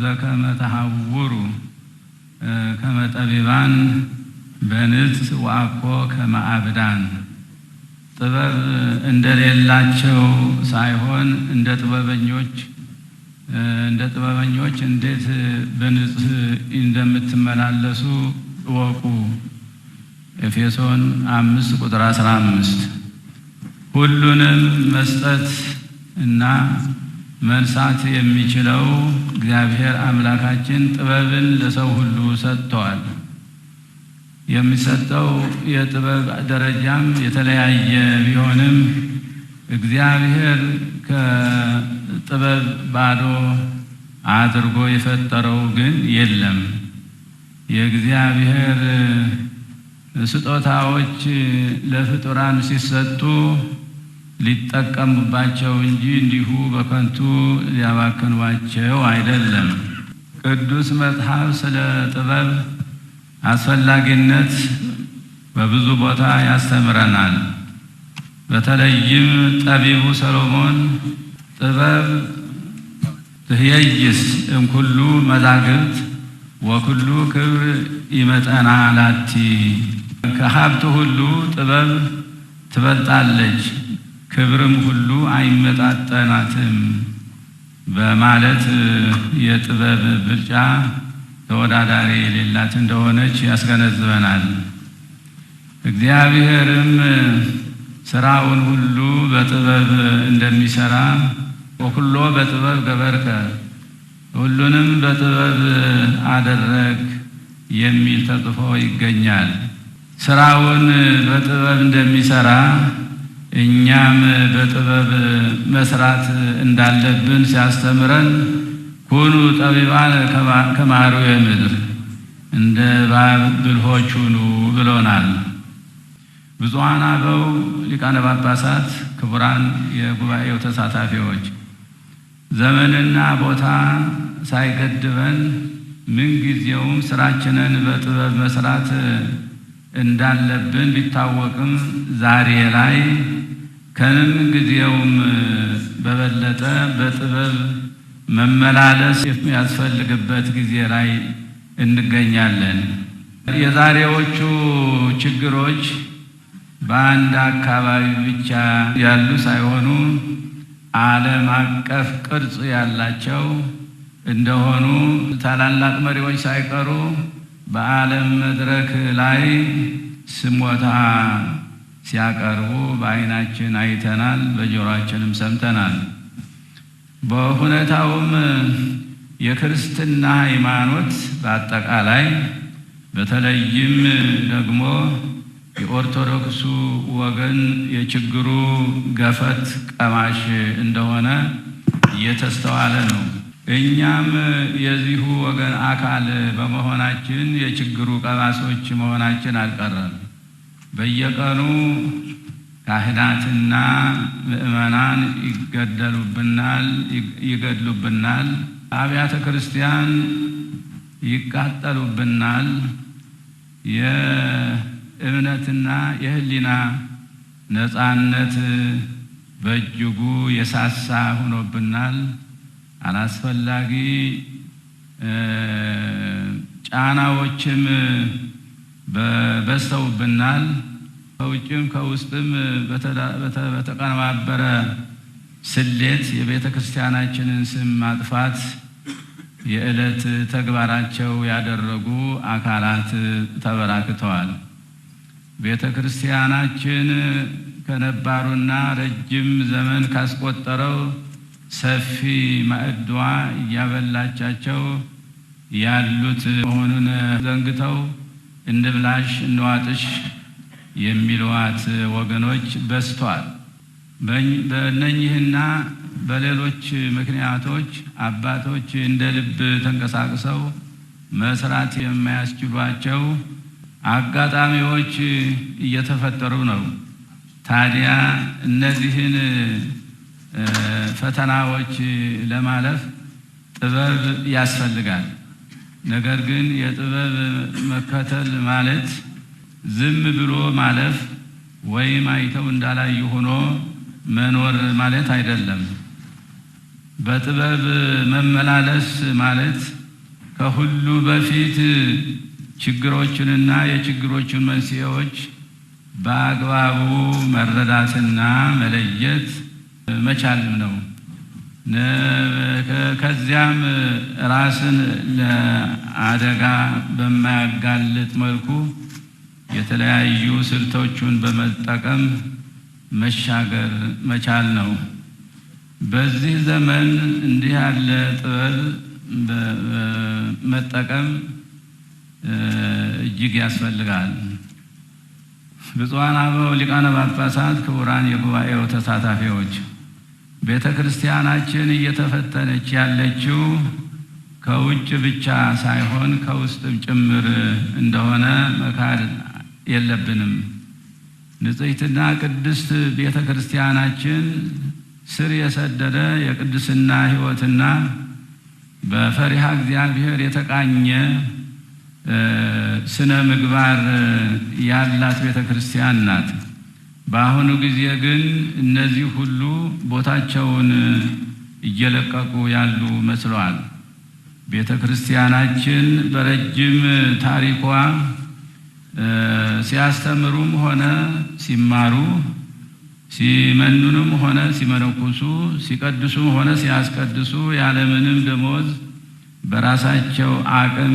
ዘከመ ተሐውሩ ከመ ጠቢባን በንት ዋኮ ከመ አብዳን ጥበብ እንደሌላቸው ሳይሆን እንደ ጥበበኞች እንደ ጥበበኞች እንዴት በንጽህ እንደምትመላለሱ እወቁ። ኤፌሶን አምስት ቁጥር አስራ አምስት ሁሉንም መስጠት እና መንሳት የሚችለው እግዚአብሔር አምላካችን ጥበብን ለሰው ሁሉ ሰጥተዋል። የሚሰጠው የጥበብ ደረጃም የተለያየ ቢሆንም እግዚአብሔር ከጥበብ ባዶ አድርጎ የፈጠረው ግን የለም። የእግዚአብሔር ስጦታዎች ለፍጡራን ሲሰጡ ሊጠቀሙባቸው እንጂ እንዲሁ በከንቱ ሊያባክኗቸው አይደለም። ቅዱስ መጽሐፍ ስለ ጥበብ አስፈላጊነት በብዙ ቦታ ያስተምረናል። በተለይም ጠቢቡ ሰሎሞን ጥበብ ትህየይስ እምኩሉ መዛግብት ወኩሉ ክብር ይመጠና ላቲ ከሀብት ሁሉ ጥበብ ትበልጣለች ክብርም ሁሉ አይመጣጠናትም በማለት የጥበብ ብልጫ ተወዳዳሪ የሌላት እንደሆነች ያስገነዝበናል። እግዚአብሔርም ስራውን ሁሉ በጥበብ እንደሚሰራ ወኩሎ በጥበብ ገበርከ፣ ሁሉንም በጥበብ አደረግ የሚል ተጽፎ ይገኛል። ስራውን በጥበብ እንደሚሰራ እኛም በጥበብ መስራት እንዳለብን ሲያስተምረን ሁኑ ጠቢባን ከማሩ የምድር እንደ እባብ ብልሆች ሁኑ ብሎናል። ብፁዓን አበው ሊቃነ ጳጳሳት፣ ክቡራን የጉባኤው ተሳታፊዎች፣ ዘመንና ቦታ ሳይገድበን ምንጊዜውም ስራችንን በጥበብ መስራት እንዳለብን ቢታወቅም ዛሬ ላይ ከምን ጊዜውም በበለጠ በጥበብ መመላለስ የሚያስፈልግበት ጊዜ ላይ እንገኛለን። የዛሬዎቹ ችግሮች በአንድ አካባቢ ብቻ ያሉ ሳይሆኑ ዓለም አቀፍ ቅርጽ ያላቸው እንደሆኑ ታላላቅ መሪዎች ሳይቀሩ በዓለም መድረክ ላይ ስሞታ ሲያቀርቡ በዓይናችን አይተናል፣ በጆሮአችንም ሰምተናል። በሁኔታውም የክርስትና ሃይማኖት በአጠቃላይ በተለይም ደግሞ የኦርቶዶክሱ ወገን የችግሩ ገፈት ቀማሽ እንደሆነ እየተስተዋለ ነው። እኛም የዚሁ ወገን አካል በመሆናችን የችግሩ ቀማሶች መሆናችን አልቀረም። በየቀኑ ካህናትና ምእመናን ይገደሉብናል ይገድሉብናል፣ አብያተ ክርስቲያን ይቃጠሉብናል። የእምነትና የህሊና ነፃነት በእጅጉ የሳሳ ሆኖብናል። አላስፈላጊ ጫናዎችም በዝተውብናል። ከውጭም ከውስጥም በተቀነባበረ ስሌት የቤተ ክርስቲያናችንን ስም ማጥፋት የዕለት ተግባራቸው ያደረጉ አካላት ተበራክተዋል። ቤተ ክርስቲያናችን ከነባሩና ረጅም ዘመን ካስቆጠረው ሰፊ ማዕድዋ እያበላቻቸው ያሉት መሆኑን ዘንግተው እንብላሽ እንዋጥሽ የሚልዋት ወገኖች በስቷል። በነኚህና በሌሎች ምክንያቶች አባቶች እንደ ልብ ተንቀሳቅሰው መስራት የማያስችሏቸው አጋጣሚዎች እየተፈጠሩ ነው። ታዲያ እነዚህን ፈተናዎች ለማለፍ ጥበብ ያስፈልጋል። ነገር ግን የጥበብ መከተል ማለት ዝም ብሎ ማለፍ ወይም አይተው እንዳላዩ ሆኖ መኖር ማለት አይደለም። በጥበብ መመላለስ ማለት ከሁሉ በፊት ችግሮችንና የችግሮችን መንስኤዎች በአግባቡ መረዳትና መለየት መቻልም ነው። ከዚያም ራስን ለአደጋ በማያጋልጥ መልኩ የተለያዩ ስልቶቹን በመጠቀም መሻገር መቻል ነው። በዚህ ዘመን እንዲህ ያለ ጥበብ መጠቀም እጅግ ያስፈልጋል። ብፁዓን አበው ሊቃነ ጳጳሳት፣ ክቡራን የጉባኤው ተሳታፊዎች ቤተ ክርስቲያናችን እየተፈተነች ያለችው ከውጭ ብቻ ሳይሆን ከውስጥም ጭምር እንደሆነ መካድ የለብንም። ንጽሕትና ቅድስት ቤተ ክርስቲያናችን ስር የሰደደ የቅድስና ሕይወትና በፈሪሃ እግዚአብሔር የተቃኘ ስነ ምግባር ያላት ቤተ ክርስቲያን ናት። በአሁኑ ጊዜ ግን እነዚህ ሁሉ ቦታቸውን እየለቀቁ ያሉ መስለዋል። ቤተ ክርስቲያናችን በረጅም ታሪኳ ሲያስተምሩም ሆነ ሲማሩ ሲመኑንም ሆነ ሲመነኩሱ ሲቀድሱም ሆነ ሲያስቀድሱ ያለምንም ደሞዝ በራሳቸው አቅም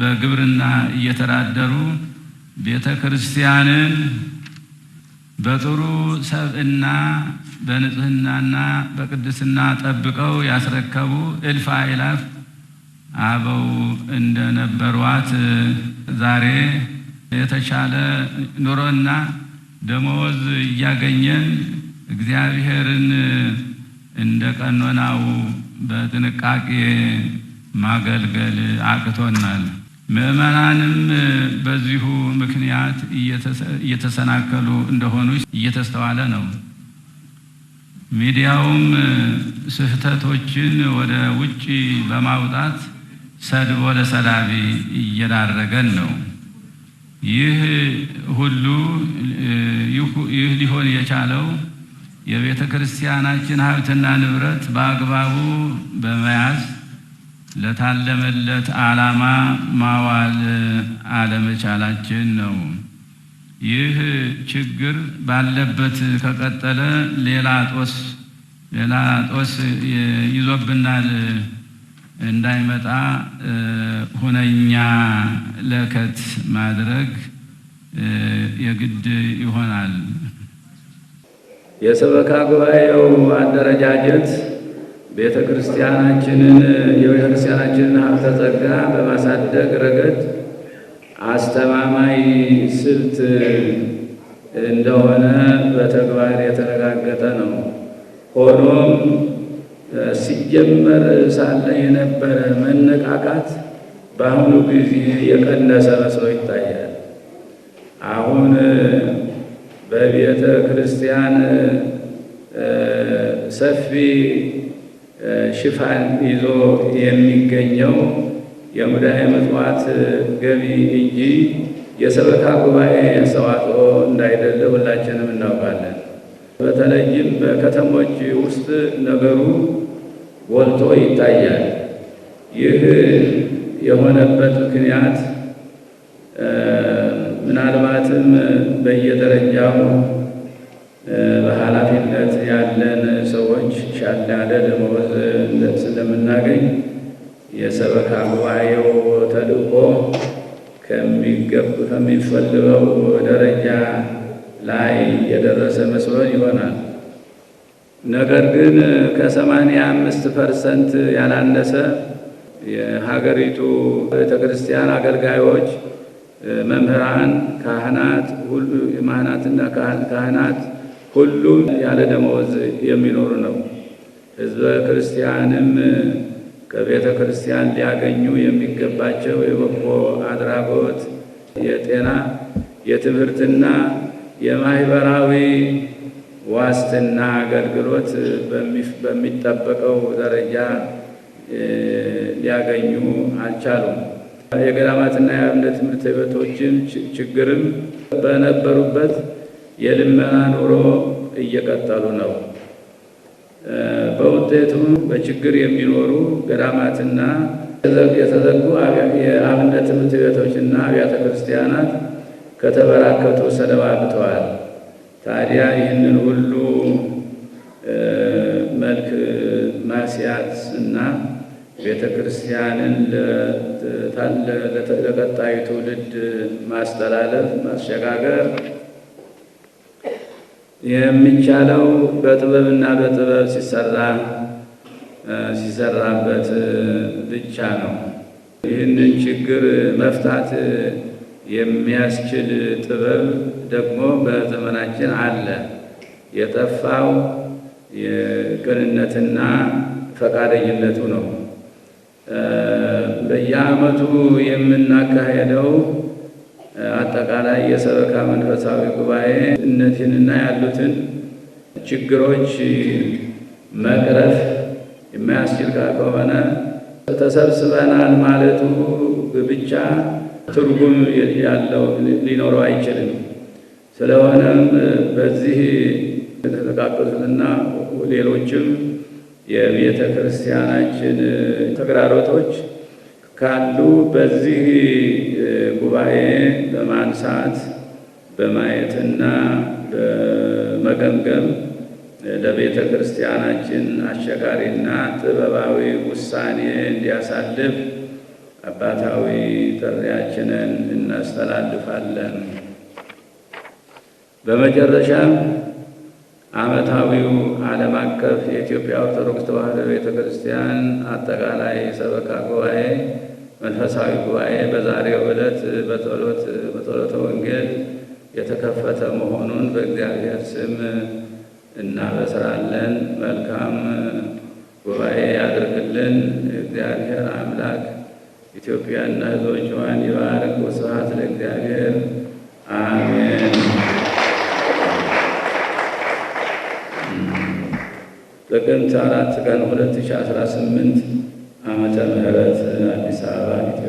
በግብርና እየተዳደሩ ቤተ ክርስቲያንን በጥሩ ሰብእና በንጽህናና በቅድስና ጠብቀው ያስረከቡ እልፍ አእላፍ አበው እንደነበሯት ዛሬ የተሻለ ኑሮና ደመወዝ እያገኘን እግዚአብሔርን እንደ ቀኖናው በጥንቃቄ ማገልገል አቅቶናል። ምእመናንም በዚሁ ምክንያት እየተሰናከሉ እንደሆኑ እየተስተዋለ ነው። ሚዲያውም ስህተቶችን ወደ ውጭ በማውጣት ሰድቦ ለሰዳቢ እየዳረገን ነው። ይህ ሁሉ ይህ ሊሆን የቻለው የቤተ ክርስቲያናችን ሀብትና ንብረት በአግባቡ በመያዝ ለታለመለት ዓላማ ማዋል አለመቻላችን ነው። ይህ ችግር ባለበት ከቀጠለ ሌላ ጦስ ሌላ ጦስ ይዞብናል እንዳይመጣ ሁነኛ ለከት ማድረግ የግድ ይሆናል። የሰበካ ጉባኤው አደረጃጀት ቤተ ክርስቲያናችንን የቤተ ክርስቲያናችንን ሀብተ ጸጋ በማሳደግ ረገድ አስተማማኝ ስልት እንደሆነ በተግባር የተረጋገጠ ነው። ሆኖም ሲጀመር ሳለ የነበረ መነቃቃት በአሁኑ ጊዜ የቀነሰ መስሎ ይታያል። አሁን በቤተ ክርስቲያን ሰፊ ሽፋን ይዞ የሚገኘው የሙዳየ ምጽዋት ገቢ እንጂ የሰበካ ጉባኤ አስተዋጽኦ እንዳይደለ ሁላችንም እናውቃለን። በተለይም በከተሞች ውስጥ ነገሩ ጎልቶ ይታያል። ይህ የሆነበት ምክንያት ምናልባትም በየደረጃው በኃላፊነት ያለን ሰዎች ሻል ያለ ደመወዝ ስለምናገኝ የሰበካ ጉባኤው ተልእኮ ከሚፈልገው ደረጃ ላይ የደረሰ መስሎን ይሆናል። ነገር ግን ከሰማንያ አምስት ፐርሰንት ያላነሰ የሀገሪቱ ቤተ ክርስቲያን አገልጋዮች፣ መምህራን፣ ካህናት ሁሉ ማህናትና ካህናት ሁሉም ያለ ደመወዝ የሚኖሩ ነው። ህዝበ ክርስቲያንም ከቤተ ክርስቲያን ሊያገኙ የሚገባቸው የበጎ አድራጎት፣ የጤና፣ የትምህርትና የማህበራዊ ዋስትና አገልግሎት በሚጠበቀው ደረጃ ሊያገኙ አልቻሉም። የገዳማትና የአብነት ትምህርት ቤቶችም ችግርም በነበሩበት የልመና ኑሮ እየቀጠሉ ነው። በውጤቱም በችግር የሚኖሩ ገዳማትና የተዘጉ የአብነት ትምህርት ቤቶችና አብያተ ክርስቲያናት ከተበራከቱ ሰነባብተዋል። ታዲያ ይህንን ሁሉ መልክ ማስያት እና ቤተ ክርስቲያንን ለቀጣዩ ትውልድ ማስተላለፍ ማሸጋገር የሚቻለው በጥበብና በጥበብ ሲሰራ ሲሰራበት ብቻ ነው። ይህንን ችግር መፍታት የሚያስችል ጥበብ ደግሞ በዘመናችን አለ። የጠፋው የቅንነትና ፈቃደኝነቱ ነው። በየዓመቱ የምናካሄደው አጠቃላይ የሰበካ መንፈሳዊ ጉባኤ እነቲንና ያሉትን ችግሮች መቅረፍ የማያስችል ከሆነ ተሰብስበናል ማለቱ ብቻ ትርጉም ያለው ሊኖረው አይችልም። ስለሆነም በዚህ የተጠቃቀሱትና ሌሎችም የቤተ ክርስቲያናችን ተግዳሮቶች ካሉ በዚህ ጉባኤ በማንሳት በማየትና በመገምገም ለቤተ ክርስቲያናችን አሸጋሪና ጥበባዊ ውሳኔ እንዲያሳልፍ አባታዊ ጥሪያችንን እናስተላልፋለን። በመጨረሻም ዓመታዊው ዓለም አቀፍ የኢትዮጵያ ኦርቶዶክስ ተዋሕዶ ቤተ ክርስቲያን አጠቃላይ ሰበካ ጉባኤ መንፈሳዊ ጉባኤ በዛሬው ዕለት በጸሎተ ወንጌል የተከፈተ መሆኑን በእግዚአብሔር ስም እናበስራለን። መልካም ጉባኤ ያድርግልን። እግዚአብሔር አምላክ ኢትዮጵያና ሕዝቦቿን ይባርክ። ስብሐት ለእግዚአብሔር አሜን። ጥቅምት አራት ቀን 2018 ዓመተ ምህረት አዲስ አበባ